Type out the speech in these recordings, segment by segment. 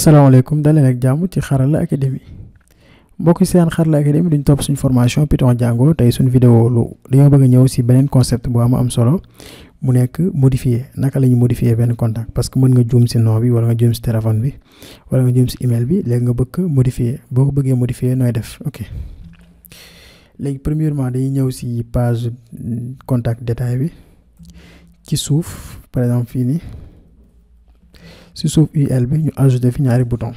salaamaaleykum daleen ak jàmm ci xarala académie mbokk seen xarala Academy duñ topp suñ formation Python Django tey suñ vidéo lu dañoo bëgg a ñëw si beneen concept bu am am solo mu nekk modifier naka lañu ñu modifier benn contact parce que mën nga juum si nom bi wala nga juum si téléphone bi wala nga juum si email bi léegi nga bëgg modifier boo ko bëggee modifier nooy def ok léegi premièrement dañuy ñëw si page contact détail bi ci suuf par exemple fii si suuf UL bi ñu ajouté fi ñaari bouton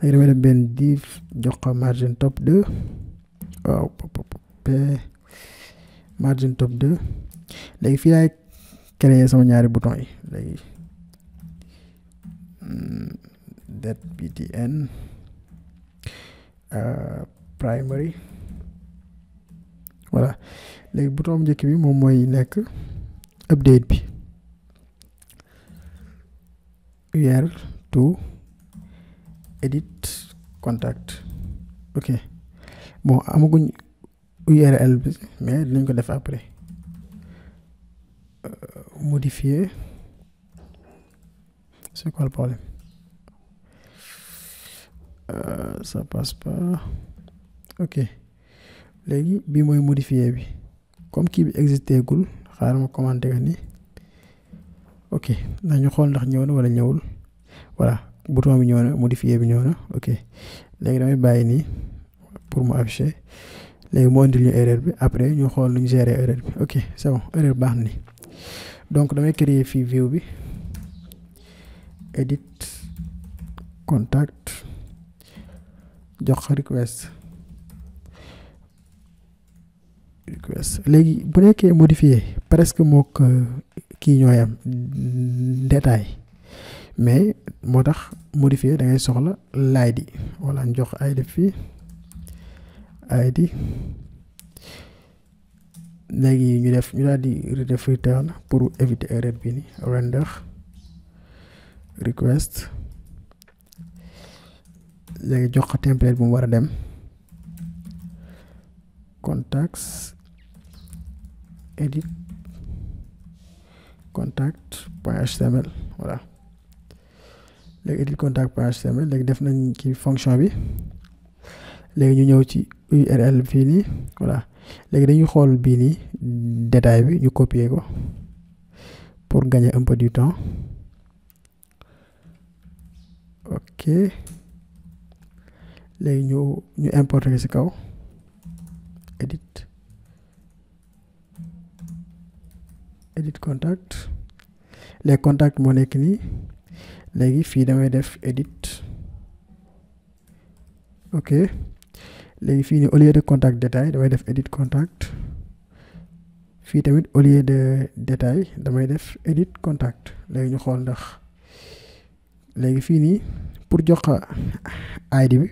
léegi damay dem benn div jox ko margin top 2 waaw margin top 2 léegi fii laay créer sama ñaari bouton yi léegi det hmm, btn euh, primary voilà léegi bouton bu njëkk bi moom mooy nekk update bi URL to edit contact ok bon une URL mais dinañ def après euh, modifier c'est quoi le problème euh, ça passe pas ok les bi moi modifier bi comme qui existe existé gul commenter ni ok ndax ñu xool ndax ñëw na wala ñëwul voilà bouton bi ñëw na modifier bi ñëw na ok léegi damay bàyyi nii pour mu afficher léegi mu indil ñu erreur bi après ñu xool luñ gérer erreur bi ok c'est bon erreur baax na ni donc damay créer fii view bi edit contact jox request request léegi bu nekkee modifié presque mook euh, kii ñooy am mais moo tax modifier da ngay soxla l'id wala ñu jox id fii id léegi ñu def ñu daal di def return pour éviter erreur bi ni render request léegi jox ko template bu mu war a dem contacts edit contact.html voilà le edit contact.html Le def nañ ki fonction bi léegi ñu ñëw ci url fii voilà léegi dañuy xol bi ni détail bi ñu copier ko pour gagner un peu du temps ok Le ñu ñu importer ci kaw edit edit contact les contacts mon nekk les filles fii def edit ok les filles au lieu de contact détail damay def edit contact fi tamit au lieu de détail damay def edit contact les ñu xol ndax pour jox ID bi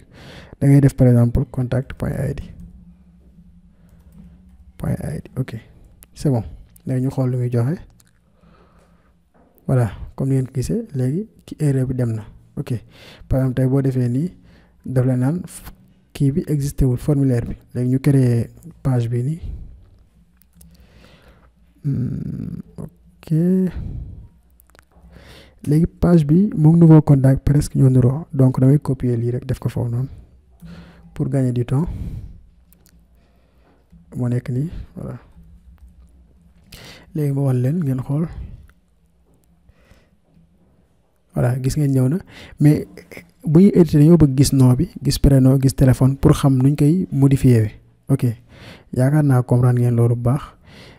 da ngay par exemple contact ID ok c'est bon. léegi ñu xool lu muy joxe voilà comme ni ngeen ko gisee léegi ci erreur bi dem na ok par exemple tey boo defee nii daf la naan kii bi existé wul formulaire bi léegi ñu créer page bi nii ok léegi page bi moom nouveau contact presque ñoo niroo donc damay copier lii rek def ko foofu noonu pour gagner du temps moo nekk nii voilà. léegi ma wan leen ngeen xool voilà gis ngeen ñëw na mais bu ñuy édité bëgg gis nom bi gis prénom gis téléphone pour xam nuñ koy modifié wi ok yaakaar naa comprendre ngeen loolu bu baax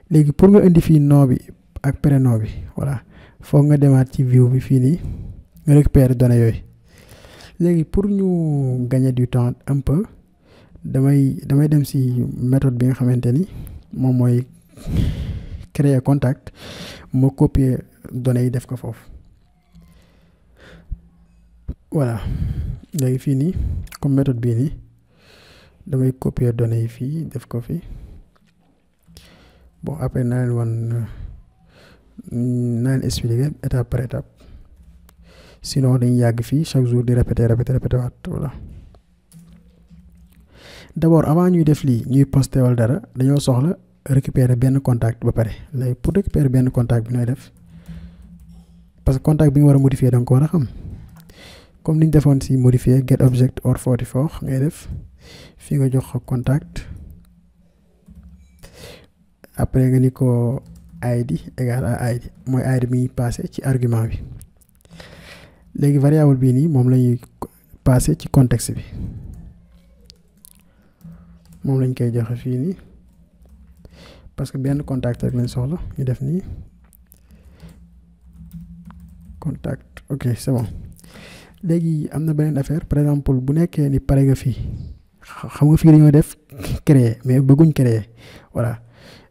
léegi pour nga indi fii nom bi ak prénom bi voilà foog nga demaat ci view bi fii nii nga récupérer données yooyu léegi pour ñu gagner du temps un peu damay damay dem si méthode bi nga xamante ni moom mooy créer contact mo copier données voilà j'ai fini comme méthode bini de copier données fi bon après 9,1 expliquer étape par étape sinon chaque jour de répéter répéter répéter voilà. d'abord avant ñuy def li ñuy posté récupérer benn contact ba pare léegi pour récupérer benn contact bi nooy def parce que contact bi nga war a modifier da ko war a xam comme niñ defoon si modifier get object or 44 ngay def fi nga jox contact après nga ni ko id égal à id mooy id mi passé ci argument bi léegi variable bii nii moom la ñuy passé ci contexte bi moom lañ koy joxe fii nii. parce que benn contact rek lañ soxla ñu def nii contact ok c'est bon léegi am na beneen affaire par exemple bu nekkee ni pare nga fii xam nga fii dañoo def créer mais bëgguñ créer voilà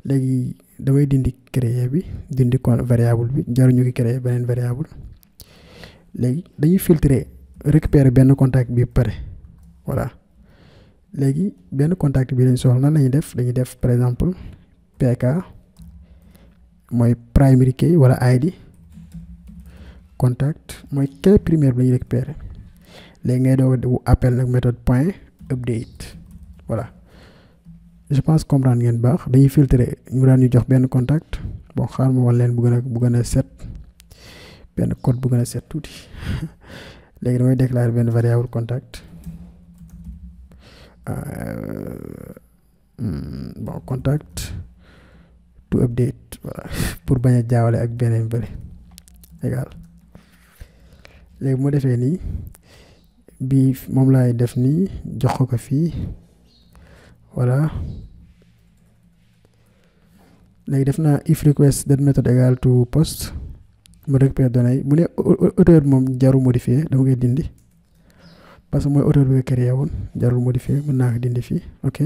léegi damay dindi créer bi dindi variable bi jaruñu ki beneen variable léegi dañuy filtrer récupérer benn contact bi pare voilà léegi benn contact bi lañ soxla nan lañuy def dañuy def par exemple PK moy primary key wala ID contact moy key primaire bi récupérer méthode point update voilà je pense comprendre ngeen bax dañuy filtrer ñu daan jox contact bon xaar mo wal leen bu gëna bu set code bu gëna set déclarer variable contact euh, hmm, bon contact to update voilà pour baña jawale ak benen ya kan? bële egal leg mo defé ni bi mom lay def ni jox ko fi voilà leg def if request that method egal to post mo récupère données yi bu né auteur mom jaru modifier dama koy dindi parce que moy auteur bi créé won jarul modifier mën na dindi fi, ok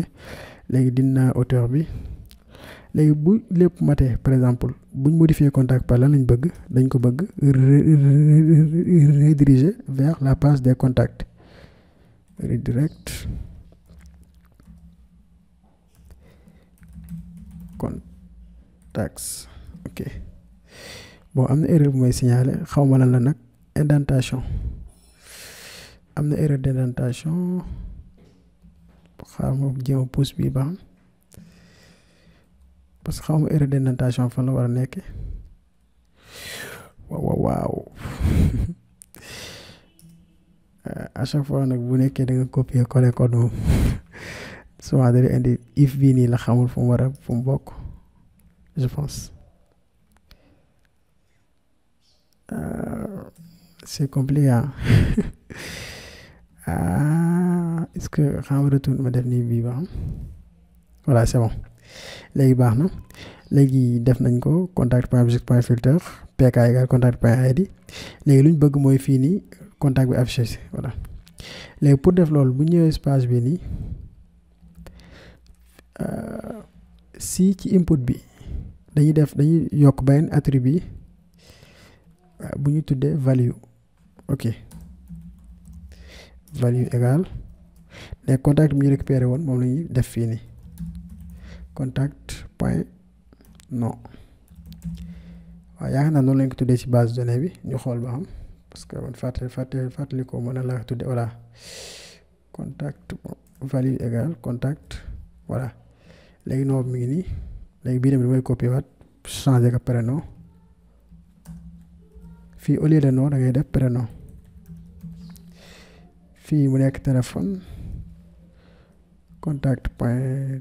léegi dina auteur bi Les bu lépp par exemple buñ modifier contact par lan lañ bëgg dañ ko bëgg rediriger vers la page des contacts redirect contacts ok bon am na erreur bu may signaler xawma lan la nag indentation am na erreur d'indentation, indentation xaaral ma jéem a pousse bi baax parce que xaw erreur d'indentation fa la wara a nekk waaw waaw à chaque fois nag bu nekkee da nga copier coller code moom souvent da indi if bii nii la xamul fu mu war a fu mu bokk je pense c'est compliqué ah est-ce que xam nga retourne ma def nii bii ba voilà c'est bon. léegi baax na léegi def nañ ko contact point visit point filter pk égal contact point id léegi lu ñu bëgg mooy fii nii contact bi affiché si voilà léegi pour def loolu bu ñëwee page bi nii euh, si ci input bi dañuy def dañuy yokk benn attribut euh, bu ñu tuddee value ok value égal léegi contact bi ñu récupéré woon moom la ñuy def fii nii contact point non waaw yaakaar naa noonu lañ ko tuddee ci base donnée bi ñu xool ba xam parce que man fàtte fàtte fàttali ko mën a laa tuddee voilà contact value égal contact voilà léegi noo mi ngi nii léegi bii tamit mooy copier waat changer ko prénom fii au lieu de nom def prénom fii mu nekk téléphone contact point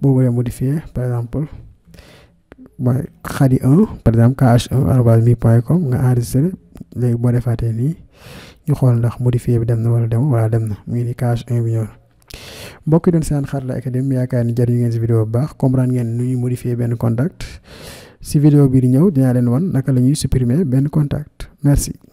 boo mënee modifier par exemple mooy xadi par exemple kh1 arobase mi point com nga enregistré léegi boo defaatee nii ñu xool ndax modifier bi dem na wala dem wala dem na mu ngi ni kh1 bi ñëw mbokk yi doon seen Xarala Academy yaakaar ni jariñ ngeen si vidéo bu baax comprendre ngeen nu ñuy modifier benn contact si vidéo bii di ñëw dinaa leen wan naka lañuy ñuy supprimer benn contact merci